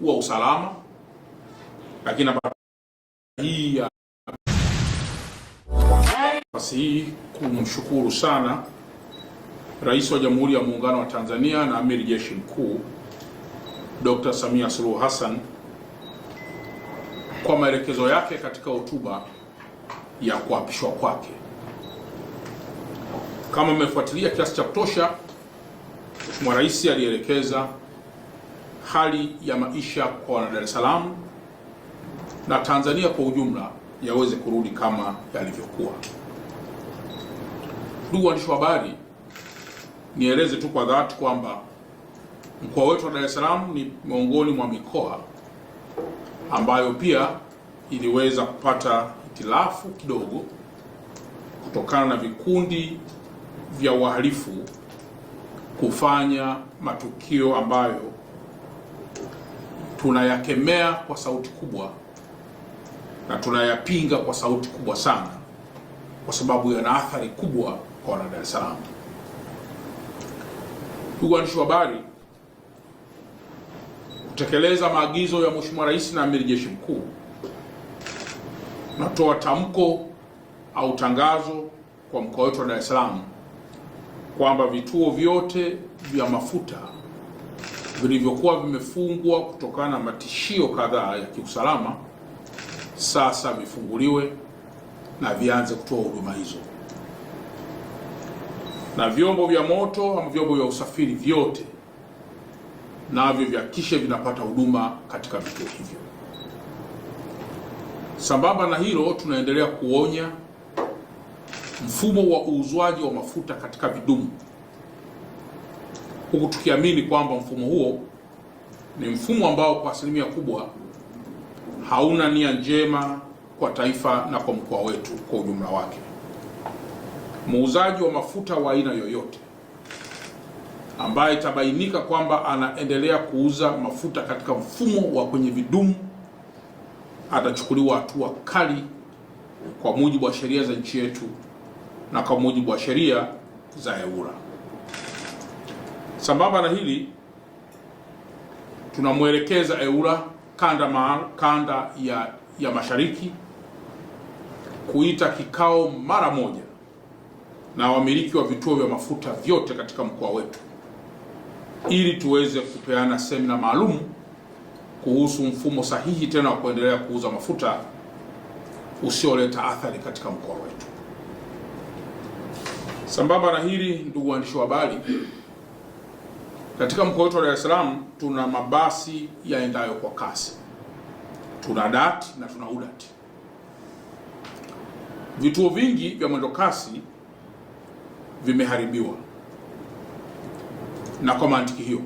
kuwa usalama, lakini hii ya nafasi hii kumshukuru sana Rais wa Jamhuri ya Muungano wa Tanzania na Amiri Jeshi Mkuu Dr. Samia Suluhu Hassan kwa maelekezo yake katika hotuba ya kuapishwa kwake. Kama mmefuatilia kiasi cha kutosha, Mheshimiwa Rais alielekeza hali ya maisha kwa wana Dar es Salaam na Tanzania kwa ujumla yaweze kurudi kama yalivyokuwa. Ndugu waandishi wa habari, nieleze tu kwa dhati kwamba mkoa wetu wa Dar es Salaam ni miongoni mwa mikoa ambayo pia iliweza kupata hitilafu kidogo kutokana na vikundi vya uhalifu kufanya matukio ambayo tunayakemea kwa sauti kubwa na tunayapinga kwa sauti kubwa sana, kwa sababu yana athari kubwa kwa wana Dar es Salaam. Ndugu waandishi wa habari, kutekeleza maagizo ya Mheshimiwa Rais na Amiri Jeshi Mkuu, natoa tamko au tangazo kwa mkoa wetu wa Dar es Salaam kwamba vituo vyote vya mafuta vilivyokuwa vimefungwa kutokana na matishio kadhaa ya kiusalama sasa vifunguliwe na vianze kutoa huduma hizo, na vyombo vya moto ama vyombo vya usafiri vyote navyo vihakikishe vinapata huduma katika vituo hivyo. Sambamba na hilo, tunaendelea kuonya mfumo wa uuzwaji wa mafuta katika vidumu huku tukiamini kwamba mfumo huo ni mfumo ambao kwa asilimia kubwa hauna nia njema kwa taifa na kwa mkoa wetu kwa ujumla wake. Muuzaji wa mafuta wa aina yoyote ambaye itabainika kwamba anaendelea kuuza mafuta katika mfumo wa kwenye vidumu atachukuliwa hatua kali kwa mujibu wa sheria za nchi yetu na kwa mujibu wa sheria za EWURA. Sambamba na hili, tunamwelekeza EWURA kanda, ma, kanda ya, ya mashariki kuita kikao mara moja na wamiliki wa vituo vya mafuta vyote katika mkoa wetu ili tuweze kupeana semina maalum kuhusu mfumo sahihi tena wa kuendelea kuuza mafuta usioleta athari katika mkoa wetu. Sambamba na hili, ndugu waandishi wa habari katika mkoa wetu wa Dar es Salaam tuna mabasi yaendayo kwa kasi, tuna dati na tuna udati. Vituo vingi vya mwendo kasi vimeharibiwa, na kwa mantiki hiyo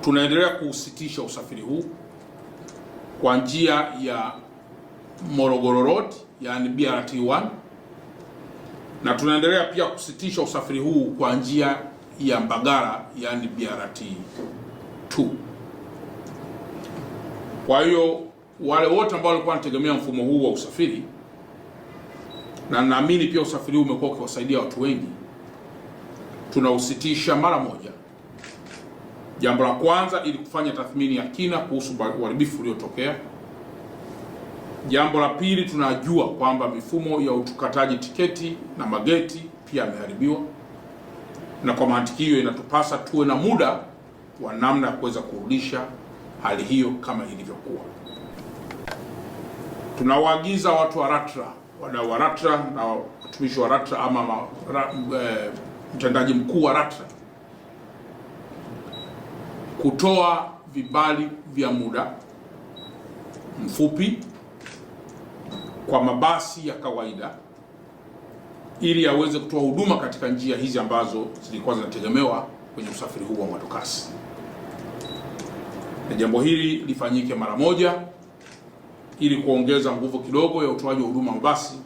tunaendelea kuusitisha usafiri huu kwa njia ya Morogoro Road, yani BRT1, na tunaendelea pia kusitisha usafiri huu kwa njia ya Mbagala yani BRT 2. Kwa hiyo wale wote ambao walikuwa wanategemea mfumo huu wa usafiri, na naamini pia usafiri huu umekuwa ukiwasaidia watu wengi, tunausitisha mara moja. Jambo la kwanza, ili kufanya tathmini ya kina kuhusu uharibifu uliotokea. Jambo la pili, tunajua kwamba mifumo ya utukataji tiketi na mageti pia yameharibiwa na kwa mantiki hiyo inatupasa tuwe na muda wa namna ya kuweza kurudisha hali hiyo kama ilivyokuwa. Tunawaagiza watu wa RATRA, wadau wa RATRA na watumishi wa RATRA ama ma, ra, e, mtendaji mkuu wa ratra kutoa vibali vya muda mfupi kwa mabasi ya kawaida ili aweze kutoa huduma katika njia hizi ambazo zilikuwa zinategemewa kwenye usafiri huu wa mwendokasi, na jambo hili lifanyike mara moja ili kuongeza nguvu kidogo ya utoaji wa huduma mabasi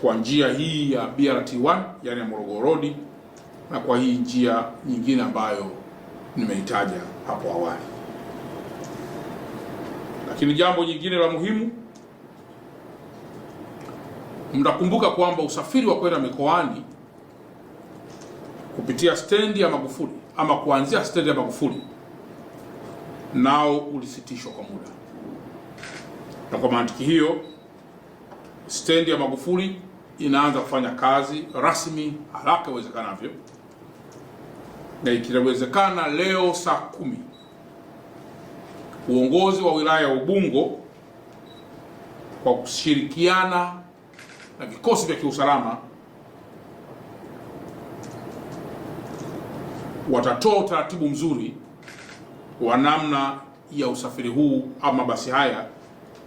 kwa njia hii ya BRT1 yani ya Morogoro Road na kwa hii njia nyingine ambayo nimeitaja hapo awali. Lakini jambo jingine la muhimu Mtakumbuka kwamba usafiri wa kwenda mikoani kupitia stendi ya Magufuli ama kuanzia stendi ya Magufuli nao ulisitishwa kwa muda, na kwa mantiki hiyo stendi ya Magufuli inaanza kufanya kazi rasmi haraka iwezekanavyo, na ikiwezekana leo saa kumi uongozi wa wilaya ya Ubungo kwa kushirikiana na vikosi vya kiusalama watatoa utaratibu mzuri wa namna ya usafiri huu au mabasi haya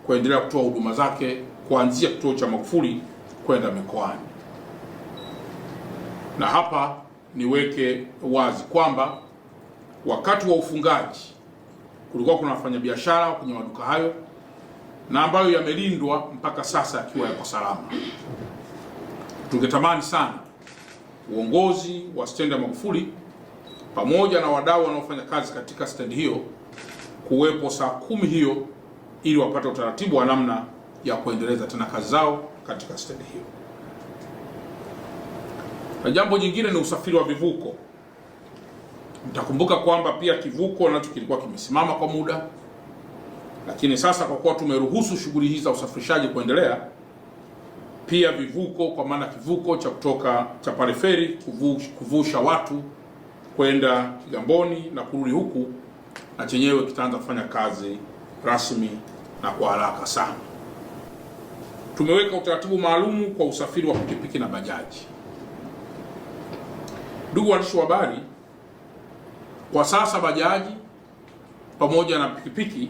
kuendelea kutoa huduma zake kuanzia kituo cha Magufuli kwenda mikoani. Na hapa niweke wazi kwamba wakati wa ufungaji kulikuwa kuna wafanyabiashara kwenye maduka hayo na ambayo yamelindwa mpaka sasa akiwa yako salama. Tungetamani sana uongozi wa stendi ya Magufuli pamoja na wadau wanaofanya kazi katika stendi hiyo kuwepo saa kumi hiyo ili wapate utaratibu wa namna ya kuendeleza tena kazi zao katika stendi hiyo. Na jambo jingine ni usafiri wa vivuko. Mtakumbuka kwamba pia kivuko nacho kilikuwa kimesimama kwa muda. Lakini sasa kwa kuwa tumeruhusu shughuli hizi za usafirishaji kuendelea, pia vivuko kwa maana kivuko cha kutoka cha pale feri kuvusha watu kwenda Kigamboni na kurudi huku, na chenyewe kitaanza kufanya kazi rasmi na kwa haraka sana. Tumeweka utaratibu maalum kwa usafiri wa pikipiki na bajaji. Ndugu waandishi wa habari, kwa sasa bajaji pamoja na pikipiki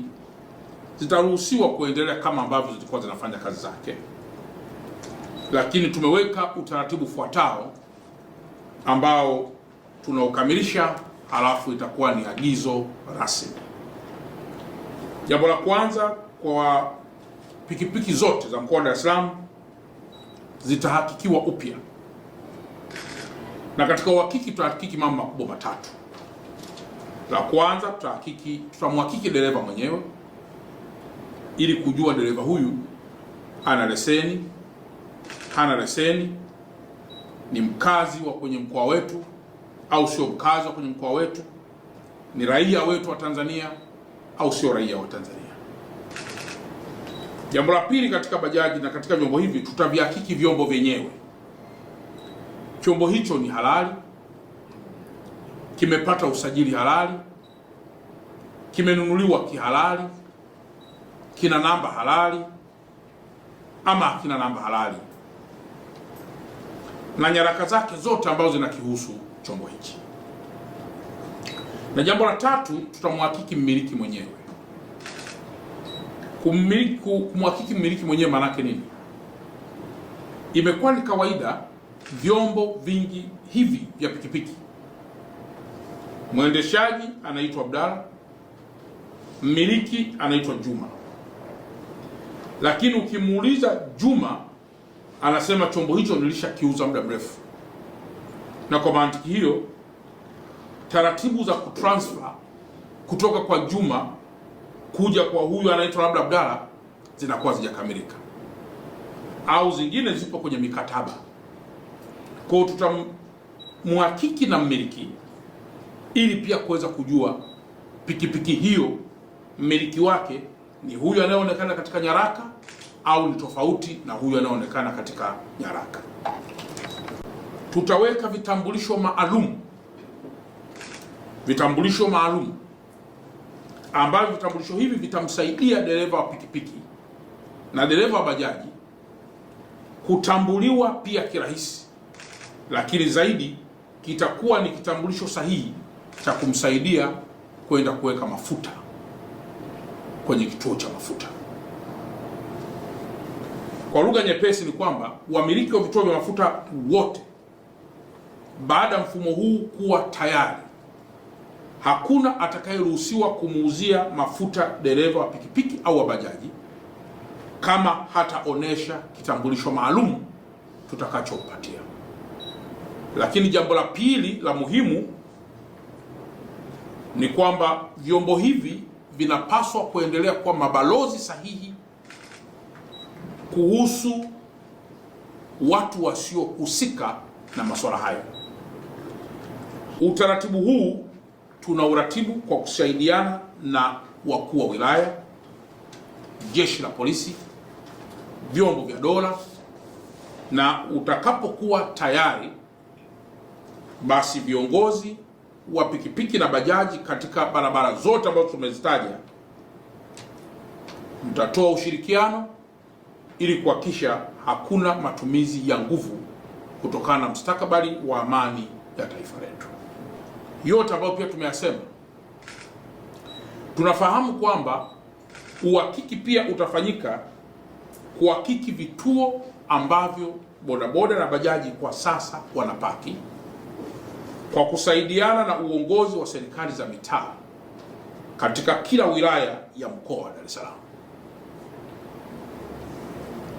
zitaruhusiwa kuendelea kama ambavyo zilikuwa zinafanya kazi zake, lakini tumeweka utaratibu fuatao ambao tunaukamilisha, halafu itakuwa ni agizo rasmi. Jambo la kwanza, kwa pikipiki zote za mkoa wa Dar es Salaam zitahakikiwa upya, na katika uhakiki tutahakiki mambo makubwa matatu. La kwanza, tutahakiki tutamhakiki dereva mwenyewe ili kujua dereva huyu ana leseni, hana leseni, ni mkazi wa kwenye mkoa wetu au sio mkazi wa kwenye mkoa wetu, ni raia wetu wa Tanzania au sio raia wa Tanzania. Jambo la pili, katika bajaji na katika vyombo hivi tutavihakiki vyombo vyenyewe. Chombo hicho ni halali, kimepata usajili halali, kimenunuliwa kihalali kina namba halali ama hakina namba halali na nyaraka zake zote ambazo zinakihusu chombo hichi. Na jambo la tatu, tutamhakiki mmiliki mwenyewe. Kumhakiki mmiliki mwenyewe maanake nini? Imekuwa ni kawaida vyombo vingi hivi vya pikipiki, mwendeshaji anaitwa Abdalla, mmiliki anaitwa Juma lakini ukimuuliza Juma anasema chombo hicho nilishakiuza muda mrefu, na kwa mantiki hiyo taratibu za kutransfer kutoka kwa Juma kuja kwa huyu anaitwa labda Abdalla zinakuwa zijakamilika au zingine zipo kwenye mikataba. Kwa hiyo tutamhakiki na mmiliki ili pia kuweza kujua pikipiki piki hiyo mmiliki wake ni huyu anayeonekana katika nyaraka au ni tofauti na huyu anayeonekana katika nyaraka. Tutaweka vitambulisho maalum, vitambulisho maalum ambavyo vitambulisho hivi vitamsaidia dereva wa pikipiki na dereva wa bajaji kutambuliwa pia kirahisi, lakini zaidi kitakuwa ni kitambulisho sahihi cha kumsaidia kwenda kuweka mafuta kwenye kituo cha mafuta. Kwa lugha nyepesi ni kwamba wamiliki wa vituo vya mafuta wote, baada ya mfumo huu kuwa tayari, hakuna atakayeruhusiwa kumuuzia mafuta dereva wa pikipiki au wa bajaji kama hataonesha kitambulisho maalum tutakachompatia. Lakini jambo la pili la muhimu ni kwamba vyombo hivi vinapaswa kuendelea kuwa mabalozi sahihi kuhusu watu wasiohusika na masuala hayo. Utaratibu huu tuna uratibu kwa kusaidiana na wakuu wa wilaya, jeshi la polisi, vyombo vya dola, na utakapokuwa tayari basi viongozi wa pikipiki na bajaji katika barabara zote ambazo tumezitaja, mtatoa ushirikiano ili kuhakikisha hakuna matumizi ya nguvu kutokana na mustakabali wa amani ya taifa letu. Yote ambayo pia tumeyasema, tunafahamu kwamba uhakiki pia utafanyika kuhakiki vituo ambavyo bodaboda na bajaji kwa sasa wanapaki kwa kusaidiana na uongozi wa serikali za mitaa katika kila wilaya ya mkoa wa Dar es Salaam.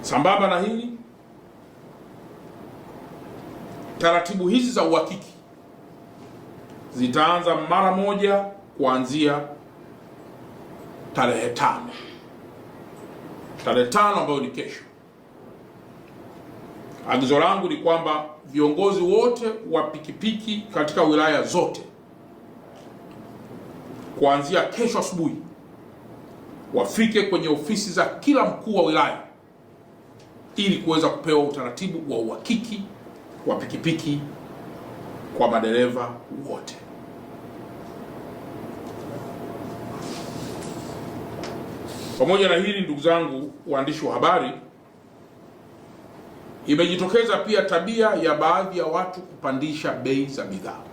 Sambamba na hili, taratibu hizi za uhakiki zitaanza mara moja kuanzia tarehe tano tarehe tano ambayo ni kesho. Agizo langu ni kwamba viongozi wote wa pikipiki katika wilaya zote kuanzia kesho asubuhi wafike kwenye ofisi za kila mkuu wa wilaya ili kuweza kupewa utaratibu wa uhakiki wa pikipiki kwa madereva wote. Pamoja na hili, ndugu zangu waandishi wa habari Imejitokeza pia tabia ya baadhi ya watu kupandisha bei za bidhaa.